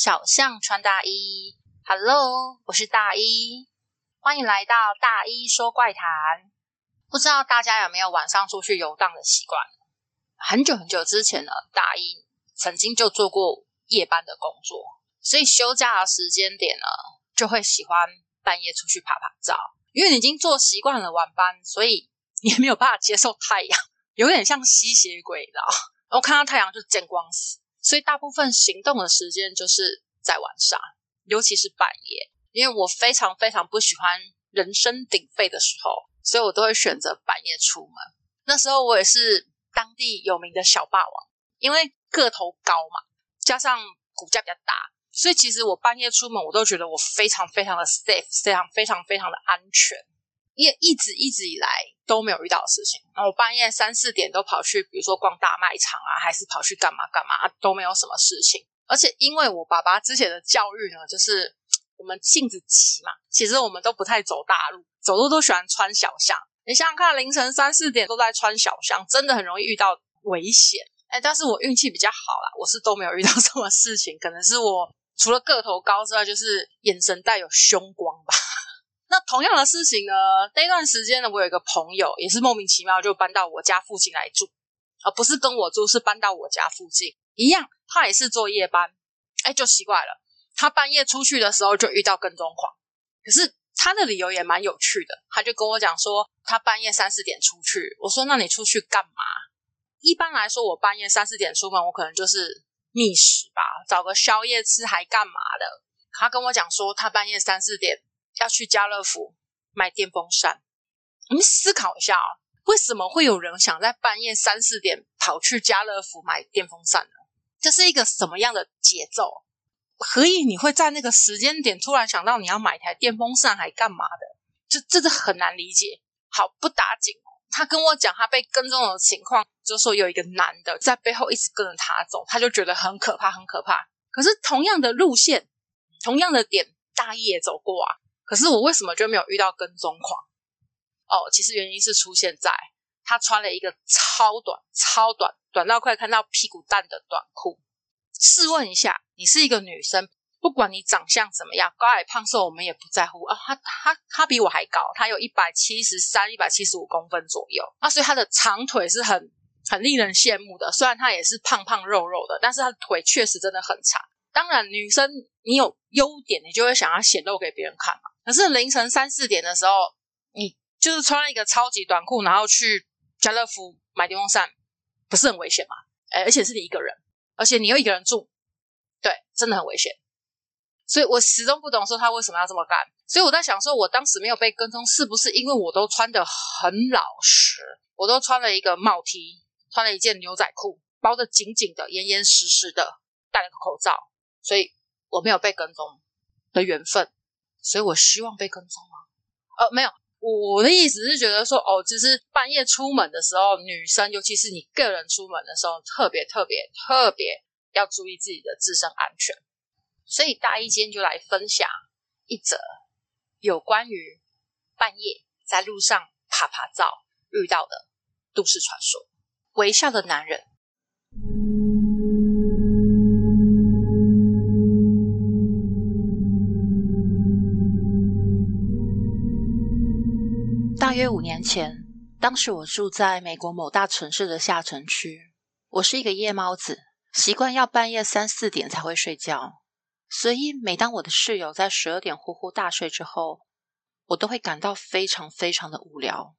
小象穿大衣，Hello，我是大 E，歡迎來到大 E 說怪談。不知道大家有沒有晚上出去遊蕩的習慣？很久很久之前呢，大 E 曾經就做過夜班的工作，所以休假的時間點呢，就會喜歡半夜出去趴趴走。因為你已經做習慣了晚班，所以你也沒有辦法接受太陽，有點像吸血鬼，知道嗎？然後我看到太陽就見光死。所以大部分行動的時間就是在晚上，尤其是半夜，因為我非常非常不喜歡人聲鼎沸的時候，所以我都會選擇半夜出門。那時候我也是當地有名的小霸王，因為個頭高嘛，加上骨架比較大，所以其實我半夜出門，我都覺得我非常非常的 safe，非常非常非常的安全。一直一直以來都沒有遇到的事情。然後半夜三四點都跑去，比如說逛大賣場啊，還是跑去幹嘛幹嘛，啊，都沒有什麼事情。而且因為我爸爸之前的教育呢，就是我們性子急嘛，其實我們都不太走大路，走路都喜歡穿小巷。你想想看，凌晨三四點都在穿小巷，真的很容易遇到危險。哎，但是我運氣比較好啦，我是都沒有遇到什麼事情。可能是我除了個頭高之外，就是眼神帶有凶光吧。那同樣的事情呢？那段時間呢，我有一個朋友也是莫名其妙就搬到我家附近來住，啊，不是跟我住，是搬到我家附近一樣。他也是做夜班，哎、欸，就奇怪了。他半夜出去的時候，就遇到跟蹤狂，可是他的理由也蠻有趣的。他就跟我講說，他半夜三四點出去。我說：“那你出去幹嘛？”一般來說，我半夜三四點出門，我可能就是覓食吧，找個宵夜吃，還幹嘛的？他跟我講說，他半夜三四點。要去家樂福買電風扇，我們思考一下啊，為什麼會有人想在半夜三四點跑去家樂福買電風扇呢？這是一個什麼樣的節奏？何以你會在那個時間點突然想到你要買台電風扇還幹嘛的？就真的很難理解。好，不打緊。他跟我講他被跟蹤的情況，就說有一個男的在背後一直跟着他走，他就覺得很可怕，很可怕。可是同樣的路線，同樣的點，大 E 也走過啊。可是我為什麼就沒有遇到跟蹤狂？哦，其實原因是出現在他穿了一個超短、超短短到快看到屁股蛋的短褲。試問一下，你是一個女生，不管你長相怎麼樣，高矮胖瘦，我們也不在乎啊。他他他比我還高，他有一百七十三、一百七十五公分左右。那、啊、所以他的長腿是很很令人羨慕的。雖然他也是胖胖肉肉的，但是他的腿確實真的很長。當然，女生你有優點，你就會想要顯露給別人看嘛。可是凌晨三四點的時候，你就是穿了一個超級短褲，然後去家樂福買電風扇，不是很危險嗎？哎、欸，而且是你一個人，而且你又一個人住，對，真的很危險。所以我始終不懂說他為什麼要這麼幹。所以我在想說，我當時沒有被跟蹤，是不是因為我都穿得很老實，我都穿了一個帽 T，穿了一件牛仔褲，包得緊緊的、嚴嚴實實的，戴了個口罩，所以我沒有被跟蹤的緣分。所以我希望被跟蹤嗎、啊？呃、哦，沒有，我的意思是覺得說，哦，只是半夜出門的時候，女生尤其是你個人出門的時候，特別特別特別要注意自己的自身安全。所以大 E 今天就來分享一則有關於半夜在路上趴趴走遇到的都市傳說：微笑的男人。約五年前，當時我住在美國某大城市的下城區。我是一個夜貓子，習慣要半夜三四點才會睡覺。所以每當我的室友在十二點呼呼大睡之後，我都會感到非常非常的無聊。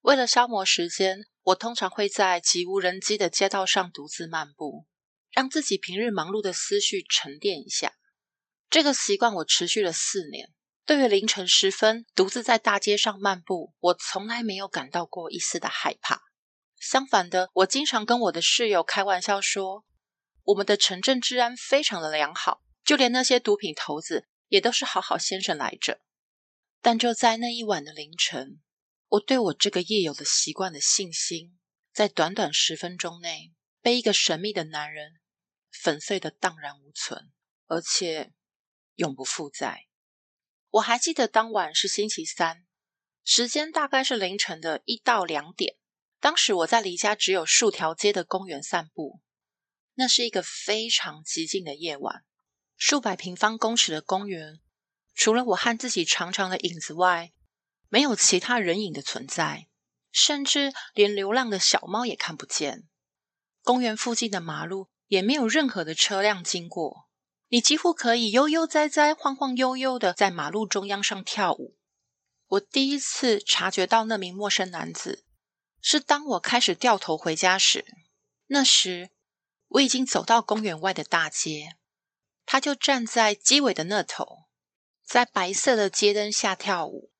為了消磨時間，我通常會在極無人跡的街道上獨自漫步，讓自己平日忙碌的思緒沉澱一下。這個習慣我持續了四年。對於凌晨時分獨自在大街上漫步，我從來沒有感到過一絲的害怕。相反的，我經常跟我的室友開玩笑說，我們的城鎮治安非常的良好，就連那些毒品頭子也都是好好先生來着。但就在那一晚的凌晨，我對我這個夜遊的習慣的信心，在短短十分鐘內被一個神秘的男人粉碎得蕩然無存，而且永不復在。我還記得當晚是星期三，時間大概是凌晨的一到兩點。當時我在離家只有數條街的公園散步。那是一個非常寂靜的夜晚，數百平方公尺的公園，除了我和自己長長的影子外，沒有其他人影的存在，甚至連流浪的小貓也看不見。公園附近的馬路也沒有任何的車輛經過。你幾乎可以悠悠哉哉，晃晃悠悠的在馬路中央上跳舞。我第一次察覺到那名陌生男子，是當我開始掉頭回家時。那時我已經走到公園外的大街，他就站在街尾的那頭，在白色的街燈下跳舞。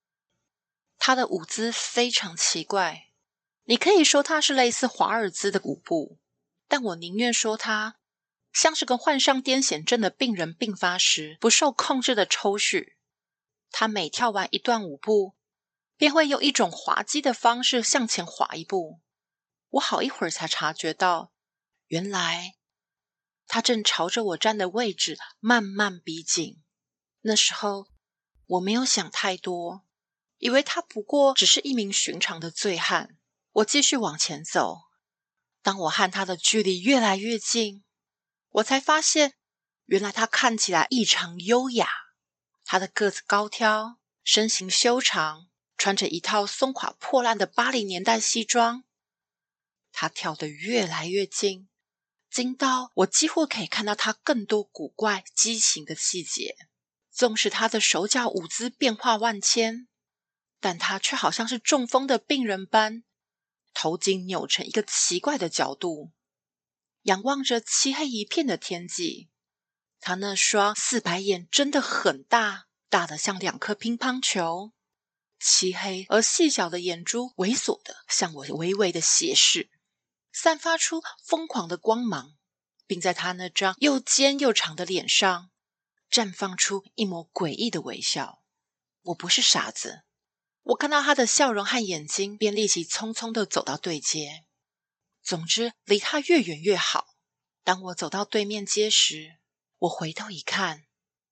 他的舞姿非常奇怪，你可以說他是類似華爾茲的舞步，但我寧願說他。像是個患上癲癇症的病人病發時不受控制的抽搐。他每跳完一段舞步，便會用一種滑稽的方式向前滑一步。我好一會兒才察覺到，原來他正朝着我站的位置慢慢逼近。那時候我沒有想太多，以為他不過只是一名尋常的醉漢。我繼續往前走，當我和他的距離越來越近，我才發現，原來他看起來異常優雅。他的個子高挑，身形修長，穿着一套鬆垮破爛的八零年代西裝。他跳得越來越近，近到我幾乎可以看到他更多古怪畸形的細節。縱使他的手腳舞姿變化萬千，但他卻好像是中風的病人般，頭頸扭成一個奇怪的角度。仰望着漆黑一片的天際，他那雙四白眼真的很大，大的像兩顆乒乓球。漆黑而細小的眼珠猥瑣的向我微微的斜視，散發出瘋狂的光芒，並在他那張又尖又長的臉上綻放出一抹詭異的微笑。我不是傻子，我看到他的笑容和眼睛，便立即匆匆的走到對街。總之，離他越遠越好。當我走到對面街時，我回頭一看，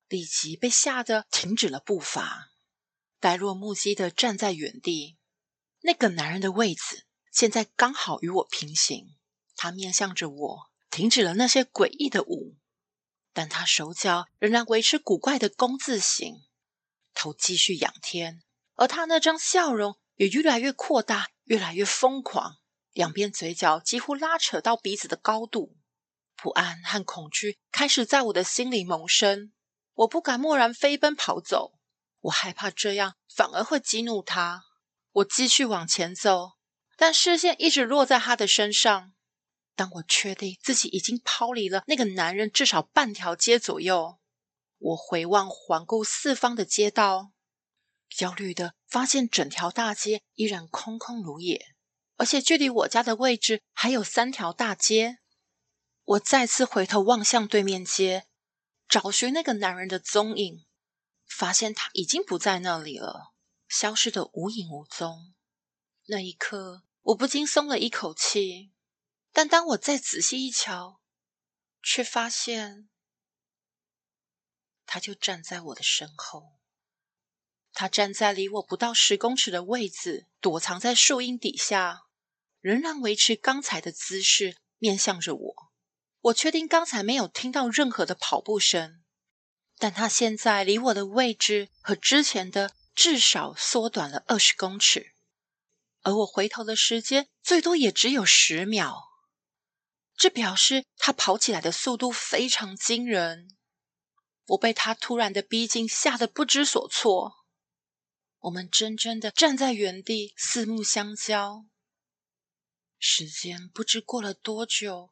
立即被嚇得停止了步伐，呆若木雞的站在原地。那個男人的位子現在剛好與我平行，他面向着我，停止了那些詭異的舞，但他手腳仍然維持古怪的弓字形，頭繼續仰天，而他那張笑容也越來越擴大，越來越瘋狂。兩邊嘴角幾乎拉扯到鼻子的高度，不安和恐懼開始在我的心裡萌生。我不敢貿然飛奔跑走，我害怕這樣反而會激怒他。我繼續往前走，但視線一直落在他的身上。當我確定自己已經拋離了那個男人至少半條街左右，我回望環顧四方的街道，焦慮地發現整條大街依然空空如也。而且距離我家的位置還有三條大街，我再次回頭望向對面街，找尋那個男人的蹤影，發現他已經不在那裡了，消失得無影無蹤。那一刻，我不禁鬆了一口氣。但當我再仔細一瞧，卻發現，他就站在我的身後，他站在離我不到十公尺的位置，躲藏在樹蔭底下。仍然維持剛才的姿勢，面向着我。我確定剛才沒有聽到任何的跑步聲，但他現在離我的位置和之前的至少縮短了二十公尺，而我回頭的時間最多也只有十秒。這表示他跑起來的速度非常驚人。我被他突然的逼近嚇得不知所措。我們怔怔地站在原地，四目相交。時間不知過了多久，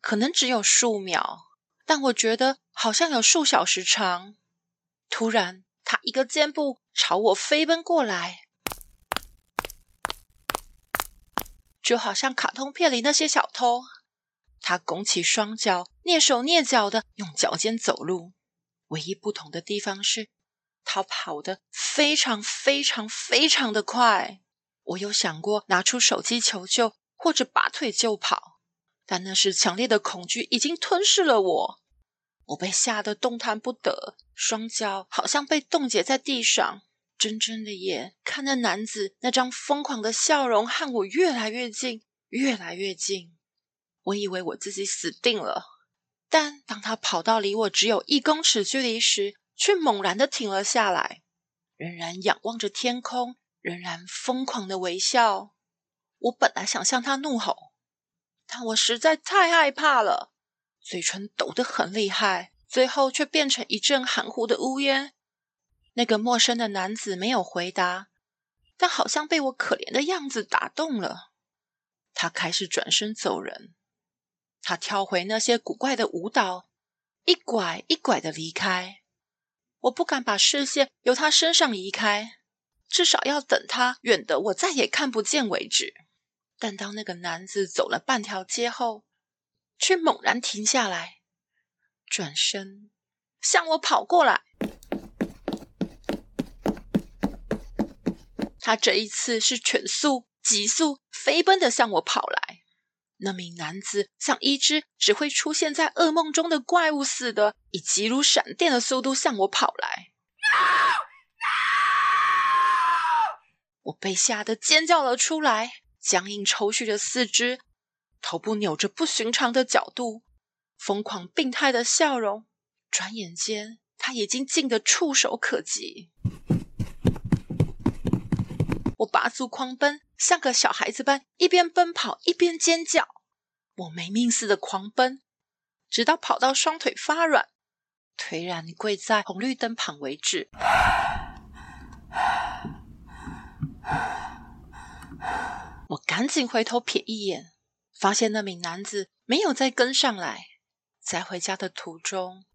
可能只有數秒，但我覺得好像有數小時長。突然，他一個箭步朝我飛奔過來，就好像卡通片裡那些小偷。他拱起雙腳，躡手躡腳的用腳尖走路。唯一不同的地方是，他跑得非常非常非常的快。我有想過拿出手機求救。或者拔腿就跑，但那時強烈的恐懼已經吞噬了我，我被嚇得動彈不得，雙腳好像被凍結在地上。睜睜的眼看那男子那張瘋狂的笑容和我越來越近，越來越近。我以為我自己死定了，但當他跑到離我只有一公尺距離時，卻猛然的停了下來，仍然仰望着天空，仍然瘋狂的微笑。我本來想向他怒吼，但我實在太害怕了，嘴唇抖得很厲害，最後卻變成一陣含糊的嗚咽。那個陌生的男子沒有回答，但好像被我可憐的樣子打動了，他開始轉身走人。他跳回那些古怪的舞蹈，一拐一拐的離開。我不敢把視線由他身上移開，至少要等他遠得我再也看不見為止。但當那個男子走了半條街後，卻猛然停下來，轉身向我跑過來。他這一次是全速、急速、飛奔的向我跑來。那名男子像一隻只會出現在噩夢中的怪物似的，以急如閃電的速度向我跑來。No! No! 我被嚇得尖叫了出來。僵硬抽搐的四肢，頭部扭着不尋常的角度，瘋狂病態的笑容。轉眼間，他已經近得觸手可及。我拔足狂奔，像個小孩子般一邊奔跑一邊尖叫。我沒命似的狂奔，直到跑到雙腿發軟，頹然跪在紅綠燈旁為止。啊啊。趕緊回頭瞥一眼，發現那名男子沒有再跟上來。在回家的途中，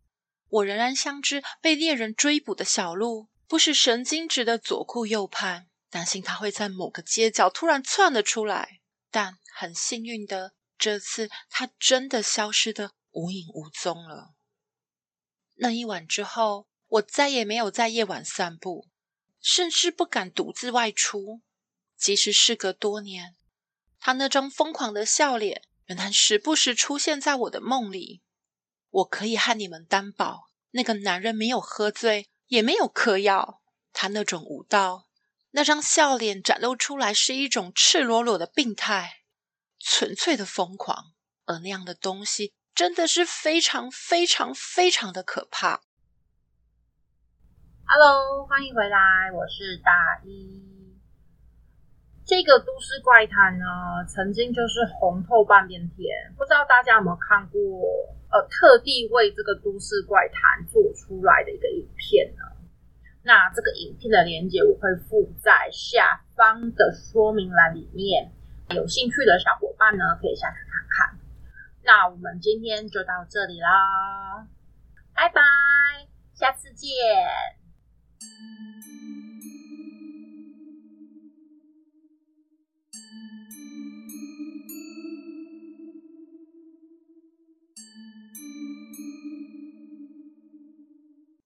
我仍然像隻被獵人追捕的小鹿，不時神經質的左顧右盼，擔心他會在某個街角突然竄了出來。但很幸運的，這次他真的消失得無影無蹤了。那一晚之後，我再也沒有在夜晚散步，甚至不敢獨自外出。即使事隔多年。他那張瘋狂的笑臉，原來時不時出現在我的夢裡。我可以和你們擔保，那個男人沒有喝醉，也沒有嗑藥。他那種舞蹈，那張笑臉展露出來是一種赤裸裸的病態，純粹的瘋狂。而那樣的東西，真的是非常、非常、非常的可怕。Hello，歡迎回來，我是大 E。這個《都市怪談》呢，曾經就是紅透半邊天，天，不知道大家有沒有看過？呃，特地為這個《都市怪談》做出來的一個影片呢，那這個影片的連結我會附在下方的說明欄裡面，有興趣的小夥伴呢，可以下去看，看看。那我們今天就到這裡啦，拜拜，下次見。